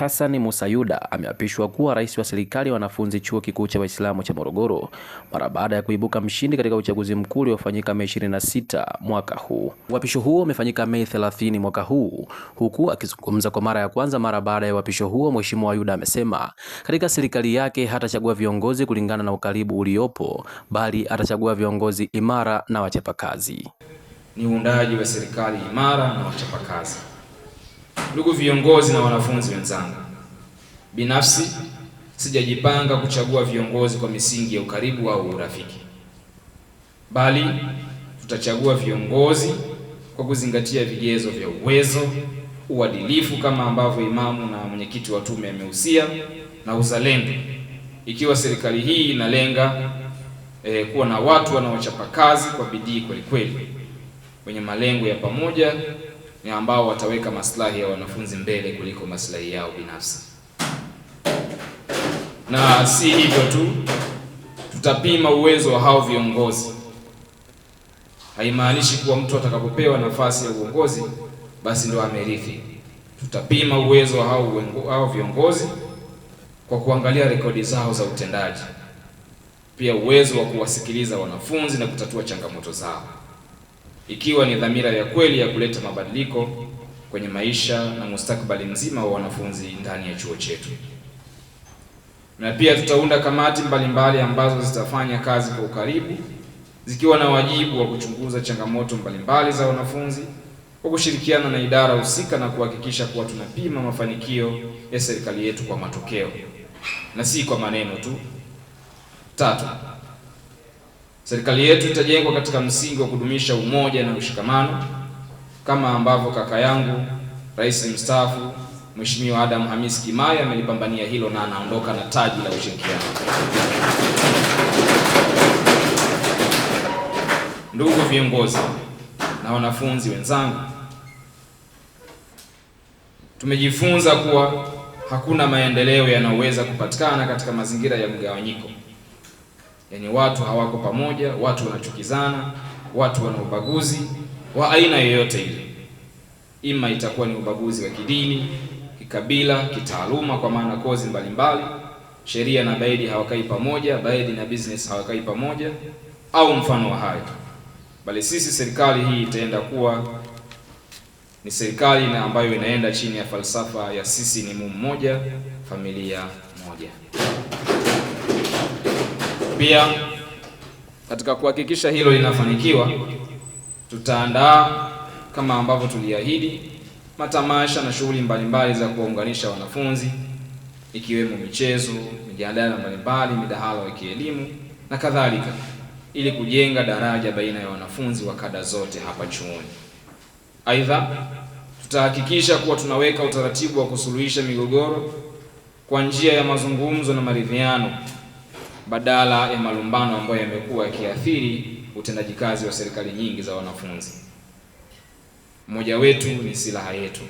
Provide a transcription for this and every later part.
Hassan Musayuda ameapishwa kuwa rais wa serikali ya wanafunzi chuo kikuu cha Waislamu cha Morogoro mara baada ya kuibuka mshindi katika uchaguzi mkuu uliofanyika Mei 26 mwaka huu. Uapisho huo umefanyika Mei 30 mwaka huu. Huku akizungumza kwa mara ya kwanza mara baada ya uapisho huo, Mheshimiwa Yuda amesema katika serikali yake hatachagua viongozi kulingana na ukaribu uliopo, bali atachagua viongozi imara na wachapakazi. Ni uundaji wa serikali imara na wachapakazi. Ndugu viongozi na wanafunzi wenzangu, binafsi sijajipanga kuchagua viongozi kwa misingi ya ukaribu au urafiki, bali tutachagua viongozi kwa kuzingatia vigezo vya uwezo, uadilifu kama ambavyo imamu na mwenyekiti wa tume amehusia, na uzalendo, ikiwa serikali hii inalenga eh, kuwa na watu wanaochapa kazi kwa bidii kweli kweli wenye malengo ya pamoja ni ambao wataweka maslahi ya wanafunzi mbele kuliko maslahi yao binafsi. Na si hivyo tu, tutapima uwezo wa hao viongozi. Haimaanishi kuwa mtu atakapopewa nafasi ya uongozi basi ndo amerithi. Tutapima uwezo wa hao, hao viongozi kwa kuangalia rekodi zao za utendaji, pia uwezo wa kuwasikiliza wanafunzi na kutatua changamoto zao ikiwa ni dhamira ya kweli ya kuleta mabadiliko kwenye maisha na mustakabali mzima wa wanafunzi ndani ya chuo chetu. Na pia tutaunda kamati mbalimbali mbali ambazo zitafanya kazi kwa ukaribu zikiwa na wajibu wa kuchunguza changamoto mbalimbali mbali za wanafunzi kwa kushirikiana na idara husika na kuhakikisha kuwa tunapima mafanikio ya serikali yetu kwa matokeo na si kwa maneno tu. Tatu, Serikali yetu itajengwa katika msingi wa kudumisha umoja na ushikamano kama ambavyo kaka yangu Rais mstaafu Mheshimiwa Adam Hamis Kimaya amelipambania hilo na anaondoka na taji la ushirikiano. Ndugu viongozi na wanafunzi wenzangu, tumejifunza kuwa hakuna maendeleo yanayoweza kupatikana katika mazingira ya mgawanyiko yaani watu hawako pamoja, watu wanachukizana, watu wana ubaguzi wa aina yoyote ile, ima itakuwa ni ubaguzi wa kidini, kikabila, kitaaluma, kwa maana kozi mbalimbali Sheria na baidi hawakai pamoja, baidi na business hawakai pamoja, au mfano wa hayo, bali sisi serikali hii itaenda kuwa ni serikali na ambayo inaenda chini ya falsafa ya sisi ni mmoja, familia moja pia katika kuhakikisha hilo linafanikiwa, tutaandaa kama ambavyo tuliahidi matamasha na shughuli mbalimbali za kuwaunganisha wanafunzi ikiwemo michezo, mijadala mbalimbali, midahalo ya kielimu na kadhalika, ili kujenga daraja baina ya wanafunzi wa kada zote hapa chuoni. Aidha, tutahakikisha kuwa tunaweka utaratibu wa kusuluhisha migogoro kwa njia ya mazungumzo na maridhiano badala ya malumbano ambayo yamekuwa yakiathiri utendaji kazi wa serikali nyingi za wanafunzi. Mmoja wetu ni silaha yetu.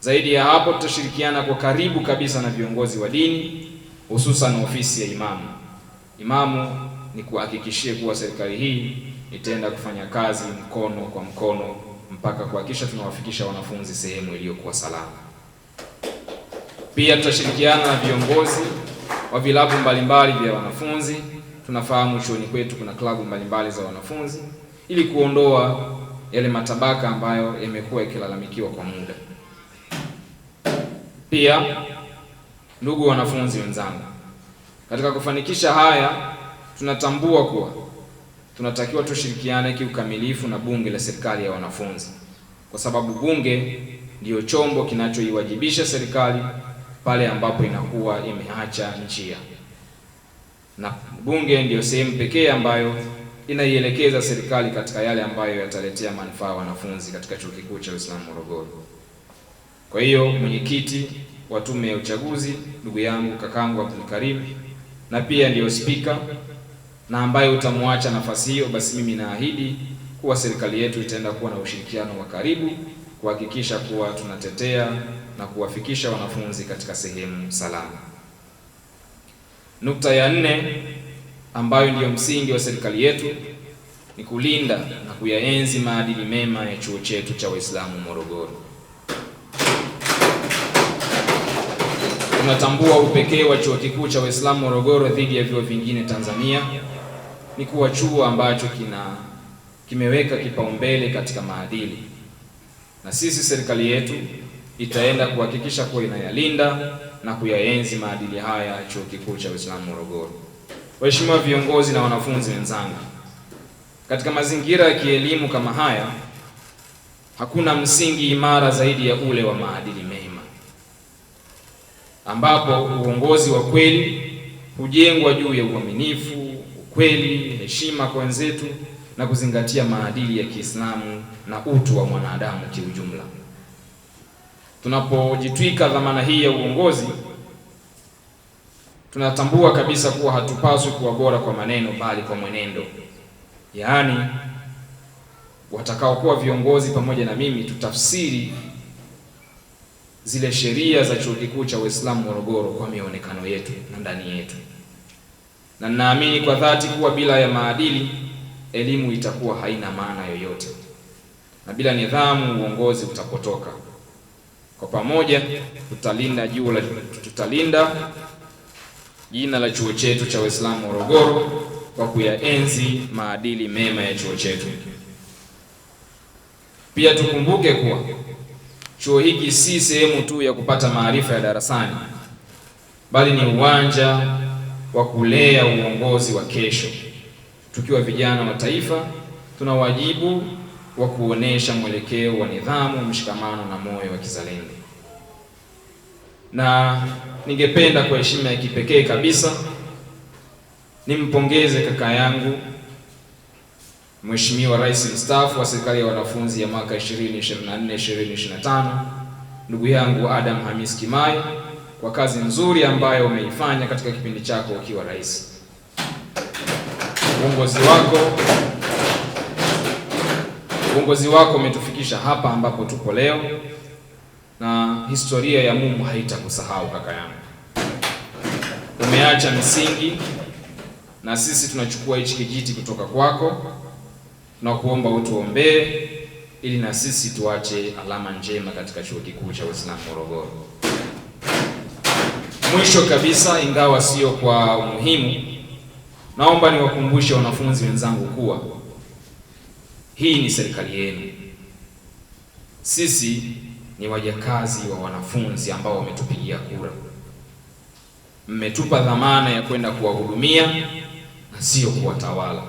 Zaidi ya hapo, tutashirikiana kwa karibu kabisa na viongozi wa dini, hususan ofisi ya imamu. Imamu, ni kuhakikishie kuwa serikali hii itaenda kufanya kazi mkono kwa mkono mpaka kuhakikisha tunawafikisha wanafunzi sehemu iliyokuwa salama. Pia tutashirikiana na viongozi wa vilabu mbalimbali vya wanafunzi. Tunafahamu chuoni kwetu kuna klabu mbalimbali za wanafunzi, ili kuondoa yale matabaka ambayo yamekuwa yakilalamikiwa kwa muda. Pia ndugu wanafunzi wenzangu, katika kufanikisha haya, tunatambua kuwa tunatakiwa tushirikiane kiukamilifu na bunge la serikali ya wanafunzi, kwa sababu bunge ndiyo chombo kinachoiwajibisha serikali pale ambapo inakuwa imeacha njia, na bunge ndiyo sehemu pekee ambayo inaielekeza serikali katika yale ambayo yataletea manufaa wanafunzi katika chuo kikuu cha Uislamu Morogoro. Kwa hiyo mwenyekiti wa tume ya uchaguzi ndugu yangu kakangu Abdul Karim, na pia ndiyo spika na ambaye utamwacha nafasi hiyo, basi mimi naahidi kuwa serikali yetu itaenda kuwa na ushirikiano wa karibu kuhakikisha kuwa tunatetea na kuwafikisha wanafunzi katika sehemu salama. Nukta ya nne ambayo ndiyo msingi wa serikali yetu ni kulinda na kuyaenzi maadili mema ya chuo chetu cha Waislamu Morogoro. Tunatambua upekee wa chuo kikuu cha Waislamu Morogoro dhidi ya vyuo vingine Tanzania ni kuwa chuo ambacho kina kimeweka kipaumbele katika maadili na sisi serikali yetu itaenda kuhakikisha kuwa inayalinda na kuyaenzi maadili haya ya Chuo Kikuu cha Uislamu Morogoro. Waheshimiwa viongozi na wanafunzi wenzangu, katika mazingira ya kielimu kama haya, hakuna msingi imara zaidi ya ule wa maadili mema, ambapo uongozi wa kweli hujengwa juu ya uaminifu, ukweli, heshima kwa wenzetu na kuzingatia maadili ya Kiislamu na utu wa mwanadamu kiujumla. Tunapojitwika dhamana hii ya uongozi, tunatambua kabisa kuwa hatupaswi kuwa bora kwa maneno, bali kwa mwenendo. Yaani, watakaokuwa viongozi pamoja na mimi tutafsiri zile sheria za Chuo Kikuu cha Uislamu Morogoro kwa mionekano yetu na ndani yetu, na ninaamini kwa dhati kuwa bila ya maadili elimu itakuwa haina maana yoyote, na bila nidhamu uongozi utapotoka. Kwa pamoja tutalinda juu la tutalinda jina la chuo chetu cha Waislamu Morogoro kwa kuyaenzi maadili mema ya chuo chetu. Pia tukumbuke kuwa chuo hiki si sehemu tu ya kupata maarifa ya darasani, bali ni uwanja wa kulea uongozi wa kesho tukiwa vijana wa taifa, tuna wajibu wa kuonesha mwelekeo wa nidhamu, mshikamano na moyo wa kizalendo, na ningependa kwa heshima ya kipekee kabisa nimpongeze kaka yangu Mheshimiwa Rais mstaafu wa serikali ya wanafunzi ya mwaka 2024 2025 ndugu yangu Adam Hamis Kimai kwa kazi nzuri ambayo umeifanya katika kipindi chako ukiwa rais uongozi wako uongozi wako umetufikisha hapa ambapo tuko leo, na historia ya Mungu haitakusahau kaka yangu. Umeacha misingi, na sisi tunachukua hichi kijiti kutoka kwako. Tunakuomba utuombee ili na sisi tuache alama njema katika chuo kikuu cha Uislamu Morogoro. Mwisho kabisa, ingawa sio kwa umuhimu Naomba niwakumbushe wanafunzi wenzangu kuwa hii ni serikali yenu. Sisi ni wajakazi wa wanafunzi ambao wametupigia kura. Mmetupa dhamana ya kwenda kuwahudumia na sio kuwatawala.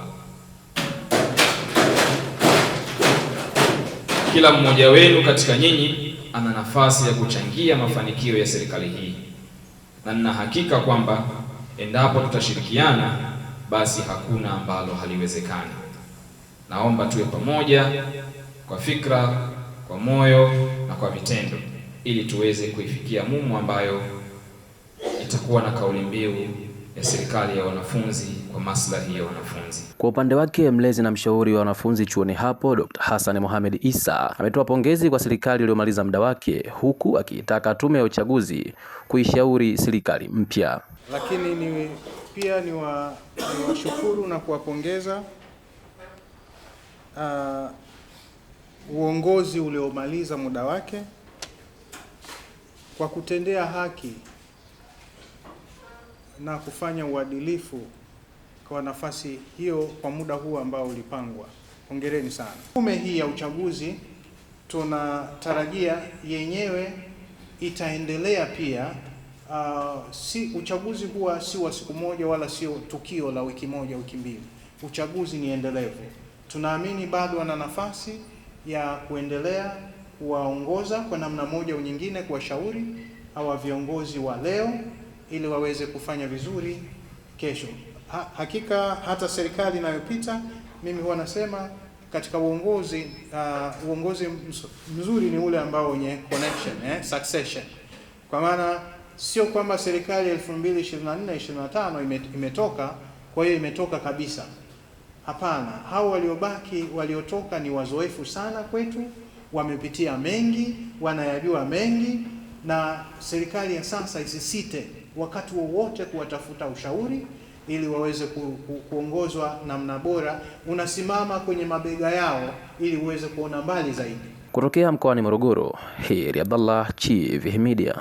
Kila mmoja wenu katika nyinyi ana nafasi ya kuchangia mafanikio ya serikali hii, na nina hakika kwamba endapo tutashirikiana basi hakuna ambalo haliwezekani. Naomba tuwe pamoja kwa fikra, kwa moyo na kwa vitendo, ili tuweze kuifikia MUMU ambayo itakuwa na kauli mbiu ya serikali ya wanafunzi kwa maslahi ya wanafunzi. Kwa upande wake, mlezi na mshauri wa wanafunzi chuoni hapo Dr. Hassan Mohamed Isa ametoa pongezi kwa serikali iliyomaliza muda wake, huku akiitaka tume ya uchaguzi kuishauri serikali mpya. Lakini ni pia ni washukuru wa na kuwapongeza uh, uongozi uliomaliza muda wake kwa kutendea haki na kufanya uadilifu kwa nafasi hiyo kwa muda huu ambao ulipangwa. Hongereni sana. Tume hii ya uchaguzi tunatarajia yenyewe itaendelea pia uh, si uchaguzi huwa si wa siku moja wala sio tukio la wiki moja wiki mbili. Uchaguzi ni endelevu. Tunaamini bado wana nafasi ya kuendelea kuwaongoza kwa namna moja au nyingine, kuwashauri hawa viongozi wa leo ili waweze kufanya vizuri kesho. Ha, hakika hata serikali inayopita mimi huwa nasema katika uongozi uh, uongozi mzuri ni ule ambao wenye connection eh, succession kwa maana sio kwamba serikali 2024 25 imetoka, kwa hiyo imetoka kabisa. Hapana, hao waliobaki waliotoka ni wazoefu sana kwetu, wamepitia mengi, wanayajua mengi, na serikali ya sasa isisite wakati wowote kuwatafuta ushauri ili waweze ku, ku, kuongozwa namna bora. Unasimama kwenye mabega yao ili uweze kuona mbali zaidi. Kutokea mkoani Morogoro, heri Abdallah, Chief Media.